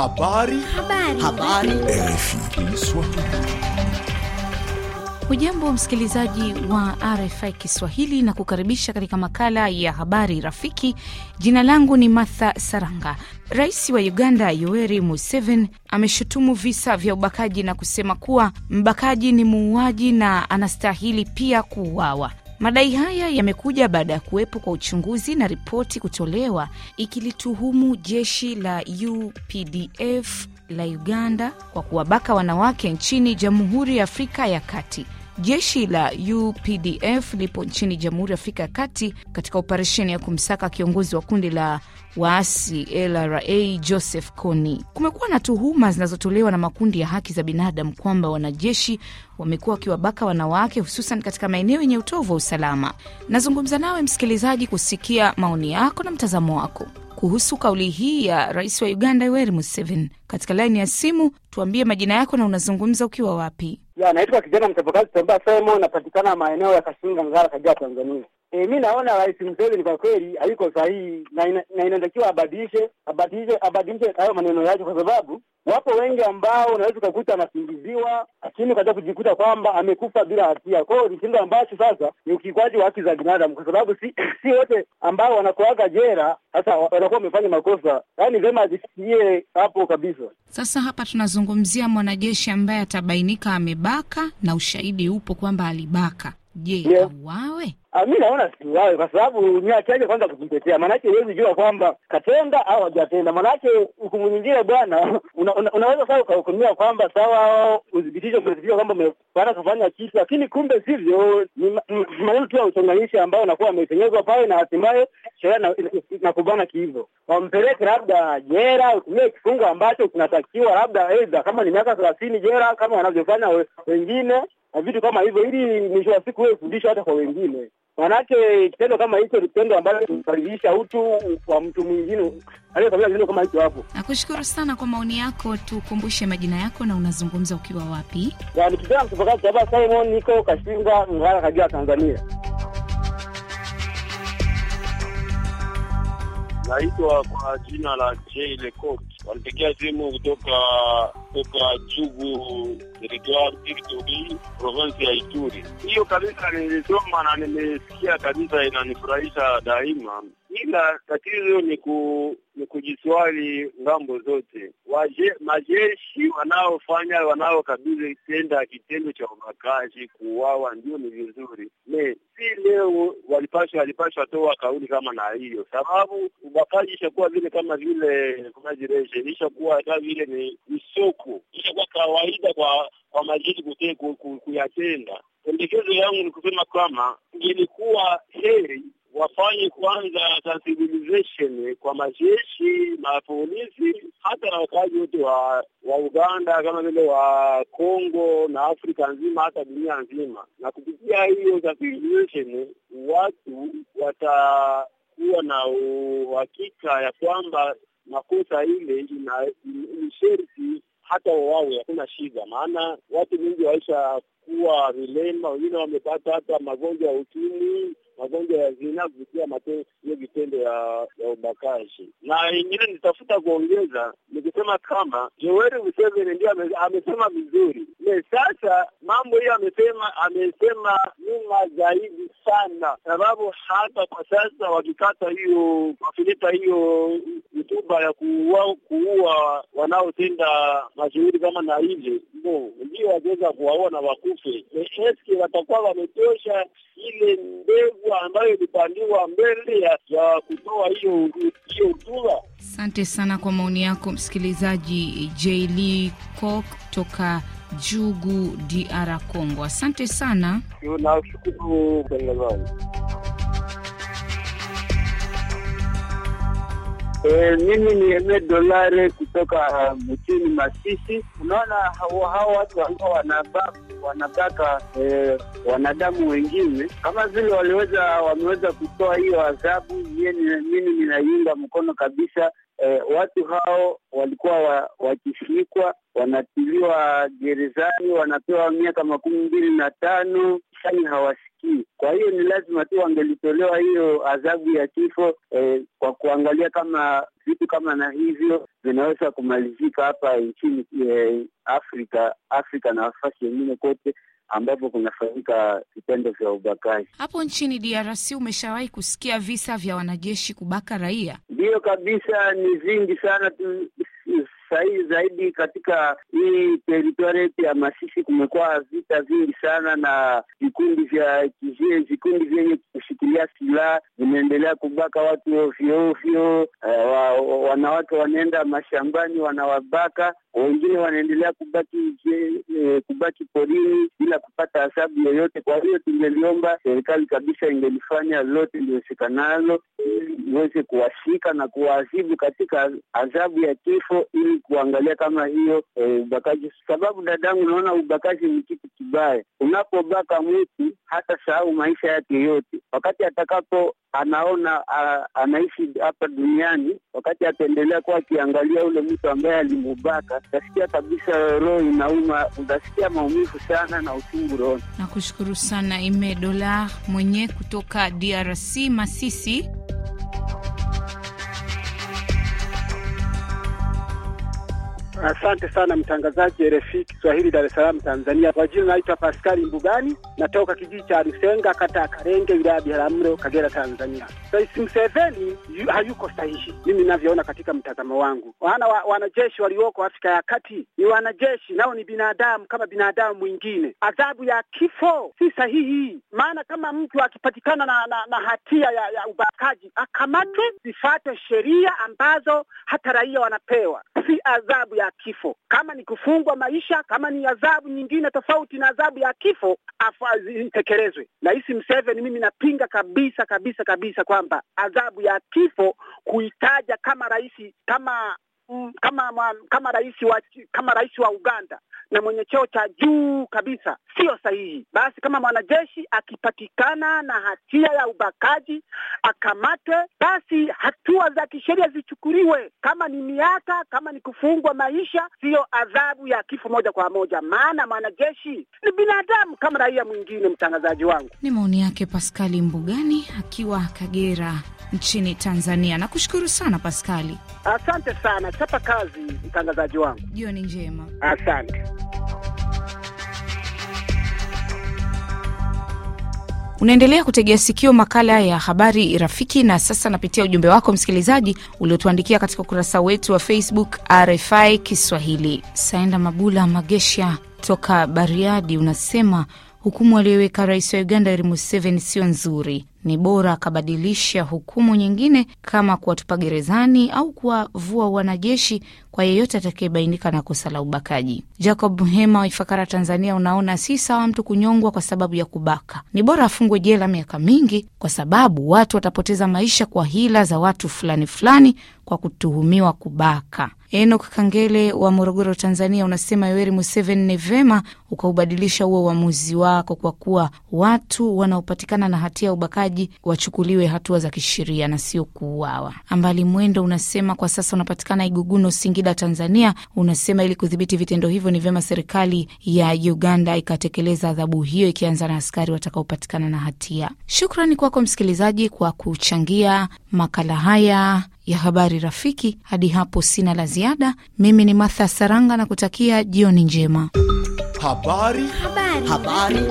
Habari. Habari. Habari. RFI Kiswahili. msikilizaji wa RFI Kiswahili na kukaribisha katika makala ya habari rafiki. Jina langu ni Martha Saranga. Rais wa Uganda Yoweri Museveni ameshutumu visa vya ubakaji na kusema kuwa mbakaji ni muuaji na anastahili pia kuuawa. Madai haya yamekuja baada ya kuwepo kwa uchunguzi na ripoti kutolewa ikilituhumu jeshi la UPDF la Uganda kwa kuwabaka wanawake nchini Jamhuri ya Afrika ya Kati. Jeshi la UPDF lipo nchini Jamhuri ya Afrika ya Kati katika operesheni ya kumsaka kiongozi wa kundi la waasi LRA Joseph Kony. Kumekuwa na tuhuma zinazotolewa na makundi ya haki za binadamu kwamba wanajeshi wamekuwa wakiwabaka wanawake, hususan katika maeneo yenye utovu wa usalama. Nazungumza nawe msikilizaji kusikia maoni yako na mtazamo wako kuhusu kauli hii ya rais wa Uganda Yoweri Museveni. Katika laini ya simu, tuambie majina yako na unazungumza ukiwa wapi ya, naitwa kijana mchapakazi Temba Simon, napatikana maeneo ya Kashinga, Ngara, Kagera, Tanzania. E, mi naona Rais Museveni kwa kweli haiko sahihi na, ina, inatakiwa abadilishe abadilishe abadilishe hayo maneno yake, kwa sababu wapo wengi ambao unaweza ukakuta anasingiziwa, lakini ukaja kujikuta kwamba amekufa bila hatia. Kwa hiyo ni kitendo ambacho sasa ni ukiukwaji wa haki za binadamu, kwa sababu si si wote ambao wanakuaga jela sasa wanakuwa wamefanya makosa, yaani vyema ajisikie hapo kabisa. Sasa hapa tunazungumzia mwanajeshi ambaye atabainika amebaka na ushahidi upo kwamba alibaka. Je, yeah. auawe? Ah, mi naona si kwa sababu niachaje kwanza kujitetea, maanake huwezi jua kwamba katenda au hajatenda. Maanake hukumu nyingine bwana, una, una, unaweza sawa ukahukumia kwamba sawa, udhibitisho kuthibitisha kwamba umepata kufanya kitu, lakini kumbe sivyo. Ni maneno tu ya uchonganishi ambao unakuwa amepenyezwa pale, na hatimaye sheria inakubana kihivyo, wampeleke labda jera, utumie kifungo ambacho kinatakiwa, labda aidha kama ni miaka thelathini jera, kama wanavyofanya wengine na vitu kama hivyo, ili mwisho wa siku wewe fundisha hata kwa wengine. Manake kitendo kama hicho ni tendo ambalo kinakaribisha utu wa mtu mwingine aliyefanya kitendo kama hicho hapo. Nakushukuru sana kwa maoni yako. Tukumbushe majina yako na unazungumza ukiwa wapi? Ya nikijana mtopakazi hapa Simon, niko Kashinga, Ngara, Kagera, Tanzania. Naitwa kwa jina la Jay Lekot, walipigia simu kutoka kutoka Jugu Ridwar Victory, provinsi ya Ituri. Hiyo kabisa nilisoma na nimesikia kabisa, inanifurahisha daima, ila tatizo ni ku ni kujiswali ngambo zote waje, majeshi wanaofanya wanaokabili tenda kitendo cha ubakaji kuuawa, ndio ni vizuri me si leo walipashwa walipashwa toa kauli kama na hiyo, sababu ubakaji ishakuwa vile kama vile kunajireshe ishakuwa kama vile ni, ni soko ishakuwa kawaida kwa kwa majiji kuyatenda. Pendekezo yangu ni kusema kama ilikuwa heri wafanye kwanza sensibilization kwa majeshi, mapolisi, hata na wakazi wote wa, wa Uganda kama vile wa Kongo na Afrika nzima, hata dunia nzima. Na kupitia hiyo sensibilization watu watakuwa na uhakika ya kwamba makosa ile ni sherti hata wawawe hakuna shida, maana watu wengi waisha kuwa vilema, wengine wamepata hata magonjwa ya ukimwi magonjwa ya zina kupitia matendo, vitendo ya ubakaji. Na ingine nitafuta kuongeza ni kusema kama Yoweri Museveni ndio amesema vizuri me sasa mambo hiyo amesema amesema nyuma zaidi sana, sababu hata kwa sasa wakikata hiyo wakileta hiyo hotuba ya kuua kuua wanaotenda mashughuli kama na hivi no, ndio waweza kuwaona wakufe, eske watakuwa wametosha ile mbegu hatua ambayo ilipandiwa mbele ya, ya kutoa hiyo hiyo hotuba. Asante sana kwa maoni yako msikilizaji jli cok toka Jugu, DR Congo. Asante sana, tunashukuru mtangazaji. E, mimi ni Eme Dolare kutoka eh, mjini Masisi. Unaona hao watu ambao wanabaka wanataka e, wanadamu wengine kama vile waliweza wameweza kutoa hiyo adhabu, mimi ninaiunga mkono kabisa, eh, watu hao walikuwa wa, wakishikwa wanatiliwa gerezani, wanapewa miaka makumi mbili na tano shani hawasikii. Kwa hiyo ni lazima tu wangelitolewa hiyo adhabu ya kifo eh, kwa kuangalia kama vitu kama na hivyo vinaweza kumalizika hapa nchini eh, Afrika Afrika na nafasi yengine kote ambapo kunafanyika vitendo vya ubakaji hapo nchini DRC. Umeshawahi kusikia visa vya wanajeshi kubaka raia? Ndiyo kabisa, ni vingi sana tu sahii zaidi katika hii teritoria yetu ya Masisi kumekuwa vita vingi sana, na vikundi vya kizee, vikundi vyenye kushikilia silaha vimeendelea kubaka watu ovyoovyo. Uh, eh, wa, wanawake wanaenda mashambani wanawabaka, wengine wanaendelea kubaki je, eh, kubaki porini bila taasabu yoyote. Kwa hiyo tungeliomba serikali kabisa ingelifanya lote liwezekanalo iweze kuwashika na kuwaadhibu katika adhabu ya kifo, ili kuangalia kama hiyo e, ubakaji, sababu dadangu, naona ubakaji ni kitu kibaya. Unapobaka mtu hata sahau maisha yake yote, wakati atakapo anaona a, anaishi hapa duniani, wakati ataendelea kuwa akiangalia ule mtu ambaye alimubaka, utasikia kabisa roho inauma, utasikia maumivu sana na uchungu roho. Nakushukuru sana Ime Dola mwenye kutoka DRC Masisi. Asante sana mtangazaji RFI Kiswahili, Dar es Salaam, Tanzania. Kwa jina naitwa Paskali Mbugani, natoka kijiji cha Rusenga, kata ya Karenge, wilaya ya Biharamulo, Kagera, Tanzania. Rais Museveni hayuko sahihi, mimi ninavyoona katika mtazamo wangu. Wana wa, wanajeshi walioko Afrika ya Kati ni wanajeshi, nao ni binadamu kama binadamu mwingine. Adhabu ya kifo si sahihi, maana kama mtu akipatikana na, na, na hatia ya, ya ubakaji akamatwe, zifuate sheria ambazo hata raia wanapewa, si adhabu ya kifo. Kama ni kufungwa maisha, kama ni adhabu nyingine tofauti na adhabu ya kifo, itekelezwe. Rais Museveni, mimi napinga kabisa kabisa kabisa kwamba adhabu ya kifo kuitaja kama rais kama mm, kama kama rais wa kama rais wa Uganda na mwenye cheo cha juu kabisa sio sahihi. Basi kama mwanajeshi akipatikana na hatia ya ubakaji akamatwe, basi hatua za kisheria zichukuliwe, kama ni miaka, kama ni kufungwa maisha, siyo adhabu ya kifo moja kwa moja, maana mwanajeshi ni binadamu kama raia mwingine. Mtangazaji wangu, ni maoni yake Paskali Mbugani akiwa Kagera nchini Tanzania. Nakushukuru sana Paskali, asante sana. Chapa kazi mtangazaji wangu, jioni njema, asante. Unaendelea kutegea sikio makala ya habari rafiki, na sasa napitia ujumbe wako msikilizaji uliotuandikia katika ukurasa wetu wa Facebook RFI Kiswahili. Saenda Mabula Magesha toka Bariadi unasema hukumu aliyoweka rais wa Uganda Yoweri Museveni sio nzuri, ni bora akabadilisha hukumu nyingine kama kuwatupa gerezani au kuwavua wanajeshi kwa yeyote atakayebainika na kosa la ubakaji. Jacob Hema wa Ifakara, Tanzania, unaona si sawa mtu kunyongwa kwa sababu ya kubaka. Ni bora afungwe jela miaka mingi, kwa sababu watu watapoteza maisha kwa hila za watu fulani fulani kwa kutuhumiwa kubaka. Enok Kangele wa Morogoro, Tanzania, unasema Yoweri Museveni ni vema ukaubadilisha huo uamuzi wako, kwa kuwa watu wanaopatikana na hatia ya ubakaji wakosaji wachukuliwe hatua za kisheria na sio kuuawa. Ambali Mwendo unasema kwa sasa unapatikana Iguguno, Singida, Tanzania, unasema ili kudhibiti vitendo hivyo ni vyema serikali ya Uganda ikatekeleza adhabu hiyo ikianza na askari watakaopatikana na hatia. Shukrani kwako msikilizaji kwa kuchangia makala haya ya habari rafiki. Hadi hapo sina la ziada. Mimi ni Martha Saranga na kutakia jioni njema. habari. Habari. Habari.